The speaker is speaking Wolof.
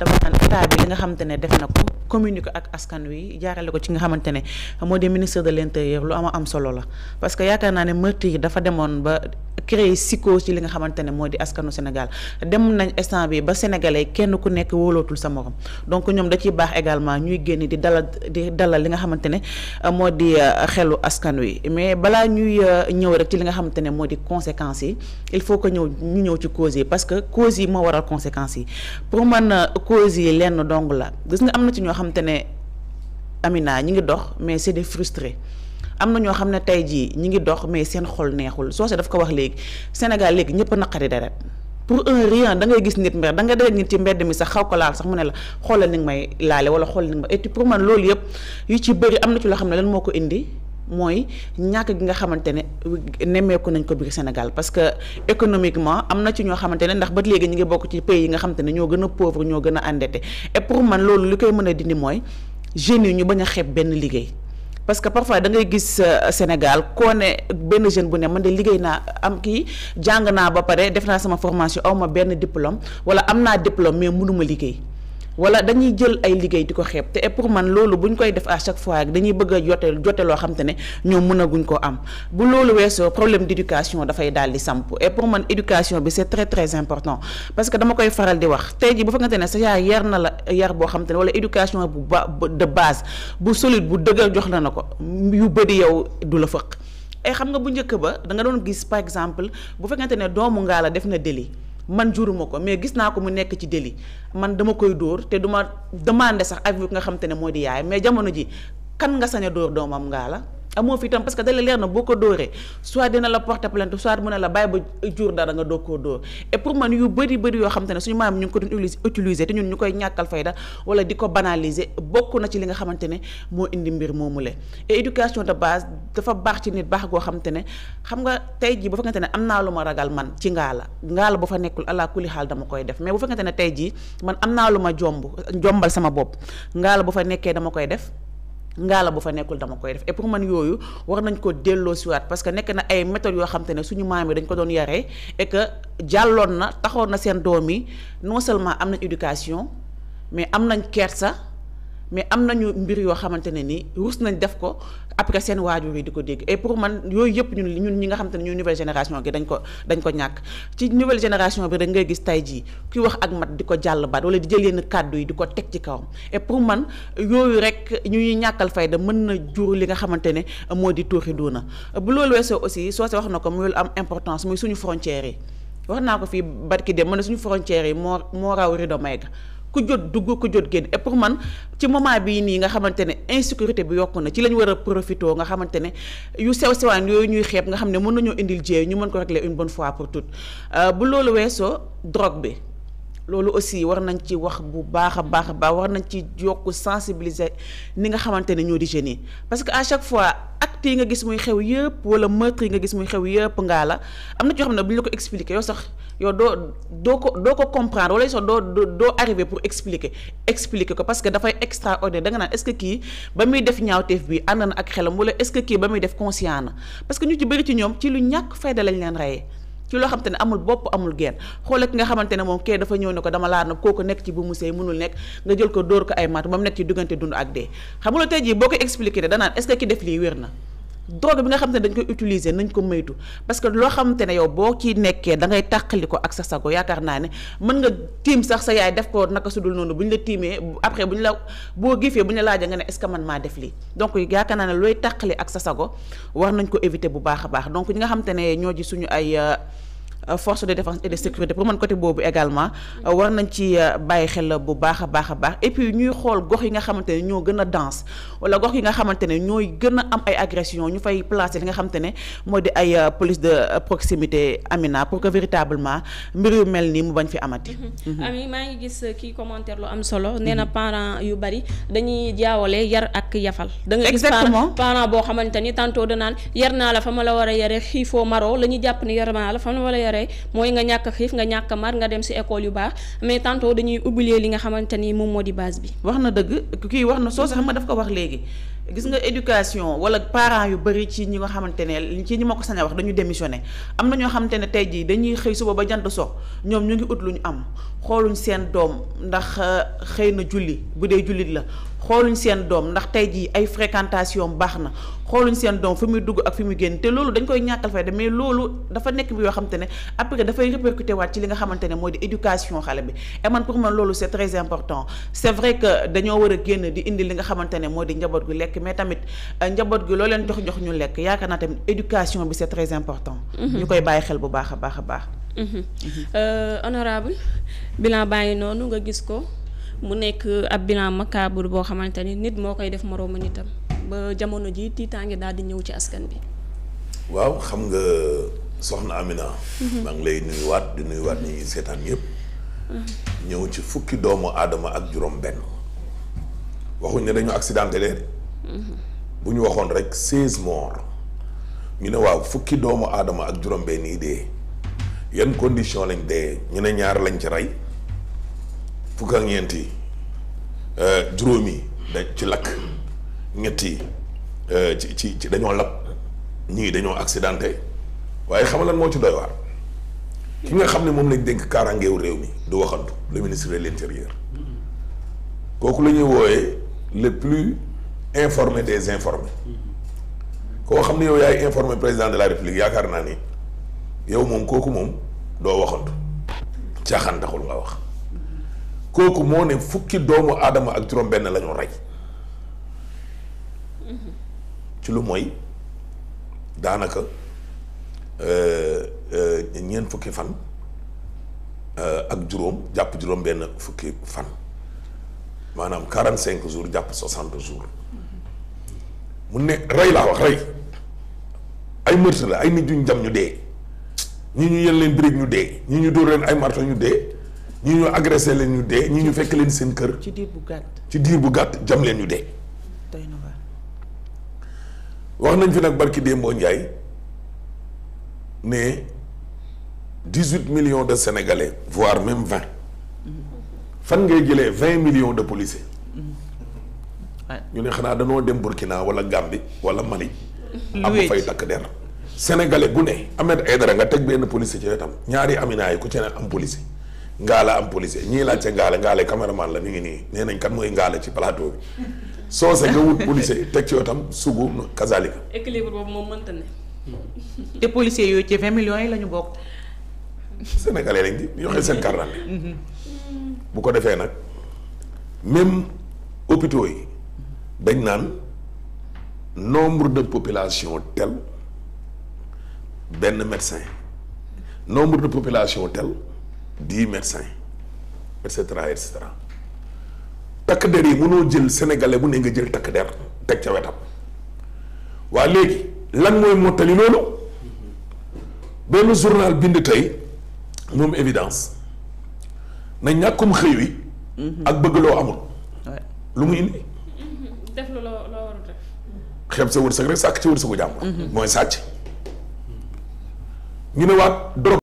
dama naan état bi li nga xamante ne def na ko communiquer ak askan wi jaarale ko ci nga xamante ne moo di ministre de l'intérieur lu am am solo la parce que yaakaar naa ne meurtre yi dafa demoon ba créer psychose ci li nga xamante ne moo di askanu Sénégal dem nañ instant bi ba sénégalais kenn ku nekk wóolootul sa morom donc ñoom da ciy baax également ñuy génn di dalal di dalal li nga xamante ne moo di euh, xelu askan wi mais balaa ñuy euh, ñëw rek ci li nga xamante ne moo di conséquences yi il faut que ñëw ñu ñëw ci causes yi parce que causes yi moo waral conséquence yi pour man euh, causes yi lenn dong la gis nga am na ci ñoo xam te ne Amina ñi ngi dox mais c'est des frustrés am na ñoo xam ne tey jii ñi ngi dox mais seen xol neexul soo se daf ko wax léegi Sénégal léegi ñëpp naqari deret pour un rien da ngay gis nit mbir da nga dégg nit ci mbedd mi sax xaw ko laal sax mu ne la xoolal ni nga may laale wala xoolal ni nga may et pour man loolu yëpp yu ci bëri am na ci loo xam ne lan moo ko indi mooy ñàkk gi nga xamante ne nemmeeku nañ ko biir Sénégal parce que économiquement am na ci ñoo xamante ne ndax ba léegi ñu ngi bokk ci pays yi nga xamante ne ñoo gën a pauvre ñoo gën a endetté et pour man loolu li koy mën a dindi mooy jeunes yi ñu bañ a xeeb benn liggéey. parce que parfois da ngay gis euh, Sénégal koo ne benn jeune bu ne mën de liggéey naa am kii jàng naa ba pare def naa sama formation aw ma benn diplôme wala am naa diplôme mais mënuma liggéey. wala dañuy jël ay liggéey di ko xeeb te et pour man loolu buñ koy def à chaque fois rek dañuy bëgg a jote jote loo xam ne ñoom mënaguñ ko am bu loolu weesoo problème d'éducation dafay daal di samp et pour man éducation bi c'est très très important parce que dama koy faral di wax tey jii bu fekkante ne sa yar na la yar boo xam te ne wala éducation bu ba de base bu solide bu dëgër jox la na ko yu bëri yow du la fëq ay xam nga bu njëkk ba da nga doon gis par exemple bu fekkante ne doomu ngaa def na délit man juruma ko mais gis naa ko mu nekk ci délit man dama koy dóor te duma demandé sax avis nga xam te ne moo di yaay mais jamono ji kan nga sañ a dóor doomam ngaa la amoo fi tam parce que dala leer na boo ko dóoree soit dina la porter plainte soit mën na la bàyyi ba jur dara nga doog koo dóor et pour man yu bëri bëri yoo xam ne suñu maam ñu ngi ko doon utiliser te ñun ñu koy ñàkkal fayda wala di ko banaliser bokk na ci li nga xamante ne moo indi mbir moomu le éducation de base dafa baax ci nit baax goo xam ne xam nga tey jii bu fekkente ne am naa lu ma ragal man ci ngaa la ngaa la bu fa nekkul ala kulli xaal dama koy def mais bu fekkente ne tey jii man am naa lu ma jomb jombal sama bopp ngaala bu fa nekkee dama koy def ngaala bu fa nekkul dama koy def et pour man yooyu war nañ ko delloo siwaat parce que nekk na ay méthodes yoo xam te ne suñu maam yi dañ ko doon yaree et que jàlloon na taxoon na seen doom yi non seulement am nañ éducation mais am nañ sa mais am nañu mbir yoo xamante ne ni rus nañ def ko après seen waajur yi di ko dégg et pour man yooyu yëpp ñun ñun ñi nga xamante ne ñuy nouvelle génération gi dañ ko dañ ko ñàkk ci nouvelle génération bi da ngay gis tay jii kuy wax ak mat di ko jàll baat wala di jël yenn kàddu yi di ko teg ci kawam et pour man yooyu rek ñuy ñàkkal fayda mën na jur li nga xamante ne moo di tuuxi na bu loolu weesoo aussi soo se wax na ko muy am importance muy suñu frontières yi wax naa ko fii barki dem mën na suñu frontières yi moo moo raw rido may ga ku jot dugg ku jot génn et pour man ci moment bi nii nga xamante ne insécurité bi yokk na ci lañ war a profité nga xamante ne yu sew sewaan yooyu ñuy xeeb nga xam ne mën nañoo indil jéey ñu mën ko régler une bon fois pour toutes euh, bu loolu weesoo drogue bi. loolu aussi war nañ ci wax bu baax a baax a baax war nañ ci yokk sensibiliser ni nga xamante ne ñoo di jeunes yi parce que à chaque fois actes yi nga gis muy xew yëpp wala meurtre yi nga gis muy xew yëpp ngaa la am na ci yoo xam ne bu ñu la ko expliquer yow sax yow doo doo ko doo ko comprendre wala sax doo doo arriver pour expliquer expliquer ko parce que dafay extraordinaire da nga naan est-ce que kii ba muy def ñaawteef bi ànd na ak xelam wala est-ce que kii ba muy def conscient parce que ñu ci bëri ci ñoom ci lu ñàkk fayda lañ leen reyee ci loo xamante ni amul bopp amul geen xoolal ki nga xamante ne moom kee dafa ñëw ne ko dama laa nag kooku nekk ci bu mu sëy mënul nekk nga jël ko dóor ko ay mat ba mu nekk ci diggante dund ak dee xam nga tey boo ko expliqué ne danaan est-ce que ki def lii wér na drogue bi nga xam te ne dañ koy utiliser nañ ko moytu parce que loo xam te ne yow boo ci nekkee dangay ngay tàqali ko ak sa sago yaakaar naa ne mën nga tiim sax sa yaay def ko naka su dul noonu bu ñu la tiimee après bu ñu la boo gifee bu ñu la laajee nga ne est-ce man maa def lii donc yaakaar naa ne looy tàqali ak sa sago war nañ ko éviter bu baax a baax donc ñi nga xam te ne ñoo ji suñu ay euh, Euh, force de défense et de sécurité pour man côté boobu également euh, war nañ ci euh, bàyyi xel bu baax a baax a baax et puis ñuy xool gox yi nga xamante ne ñoo gën a dense wala gox yi nga xamante ne ñooy gën a am ay agression ñu fay placer li nga xamante ne moo di ay police de proximité Amina pour que véritablement mbir yu mel nii mu bañ fi amati. Mhm. Mhm. ami maa ngi gis kii commentaire lu am solo mhm. nee na parents yu bari dañuy jaawale yar ak yafal. da nga gis parent parent boo xamante ni tantôt danaan yar a la ñuy jàpp ni tere mooy nga ñàkk a xiif nga ñàkk a mar nga dem si école yu baax mais tantôt dañuy oublier li nga xamante ni moom moo di base bi. wax na dëgg kii wax na soo sax ma daf ko wax léegi gis nga éducation wala parents yu bëri ci ñi nga xamante ne ci ñi ma ko sañ a wax dañu démissionné am na ñoo xamante ne tey jii dañuy xëy suba ba jant so ñoom ñu ngi ut lu ñu am xooluñ seen doom ndax xëy na julli bu dee jullit la xooluñ seen doom ndax tey ji ay fréquentation baax na xooluñ seen doom fi muy dugg ak fi muy génn te loolu dañ koy ñàkkal fay mais loolu dafa nekk bi yoo xam te ne après dafay répercuté waat ci li nga xamante ne moo di éducation xale bi et man pour man loolu c' est très important c' est que dañoo war a génn di indi li nga xamante ne moo di njaboot gu lekk mais tamit euh, njaboot gi loo leen jox jox ñu lekk yaakaar naa tamit éducation bi c' est très mm-hmm. ñu koy bàyyi xel bu baax a baax a baax mm-hmm. Mm-hmm. Euh, honorable bilan baa ngi noonu nga gis ko mu nekk ab bilan macabre boo xamante ni nit moo koy def moroomu nitam ba jamono ji tiitaange daal di ñëw ci askan bi. waaw xam nga soxna Amina. Mhm. maa ngi lay nuyuwaat di nuyuwaat ñi seetaan yëpp. Mhm. ñëw ci fukki doomu aadama ak juróom-benn. waxuñ ne dañu accidenté leen. Mhm. bu ñu waxoon rek seize morts. ñu ne waaw fukki doomu aadama ak juróom-benn yi dee. yan condition lañ dee ñu ne ñaar lañ ci rey. fukk ak ñeent yi euh, juróom da ci lakk ñett euh, ci ci ci dañoo lab ñii dañoo accidenté waaye xam lan moo ci doy waar ki nga xam ne moom lañ dénk kaaraangeewu réew mi du waxantu le ministre de l'intérieur kooku la ñuy wooyee le plus informé des informés koo xam ne yow yaay informé président de la république yaakaar naa ni yow moom kooku moom doo waxantu caaxaan nga wax. kooku moo ne fukki doomu aadama ak juróom-benn la rey mm-hmm. ci lu mooy daanaka euh, euh, ñeent fukki fan euh, ak juróom jàpp juróom-benn fukki fan maanaam quarante cinq jours jàpp soixante jours mm-hmm. mu ne rey laa wax rey ay meurtre la ay nit ñu jam ñu dee ñi ñu yën leen brique ñu dee ñi ñu dóor leen ay marto ñu dee. ñi ñu agressé leen ñu dee ñi ñu fekk leen seen kër. ci diir bu gàtt ci diir bu gàtt jam leen ñu wax nañ fi nag barki Dembo Ndiaye ne dix huit millions de sénégalais voire même vingt fan ngay jëlee vingt millions de policiers. Mm-hmm. ñu ne xanaa danoo dem Burkina wala Gambie wala Mali. am fay takk der senegale bu ne Ahmed Aidara nga teg benn policier ci tam ñaari Amina yi ku ci ne am policier. ngaala am policier ñii laajte ngaale ngaale caméraman la mu ngi nii nee nañ kan mooy ngaale ci plateau bi soo se nga wut policier teg ci yotam sugu kazalika. équilibre boobu moom mënta ne. te policier yooyu ci vingt millions yi la ñu bokk. Sénégalais lañ di yoxe seen carte mm-hmm. bu ko defee nag même hôpitaux yi dañ naan nombre de population tel benn médecin nombre de population tel. dix médecins et cetera et cetera takk der yi munoo jël sénégalais bu ne nga jël takk der teg ca wetam waa léegi lan mooy mottali loolu benn journal bind tey moom évidence na ñàkkum xëy wi mhm. ak bëgg loo amul lu mu indi mhm. def lu loo loo warul def xeeb sa wërsëg rek sàkk ci wërsëgu jàmbur mhm. mooy sàcc ñu ne waat drogue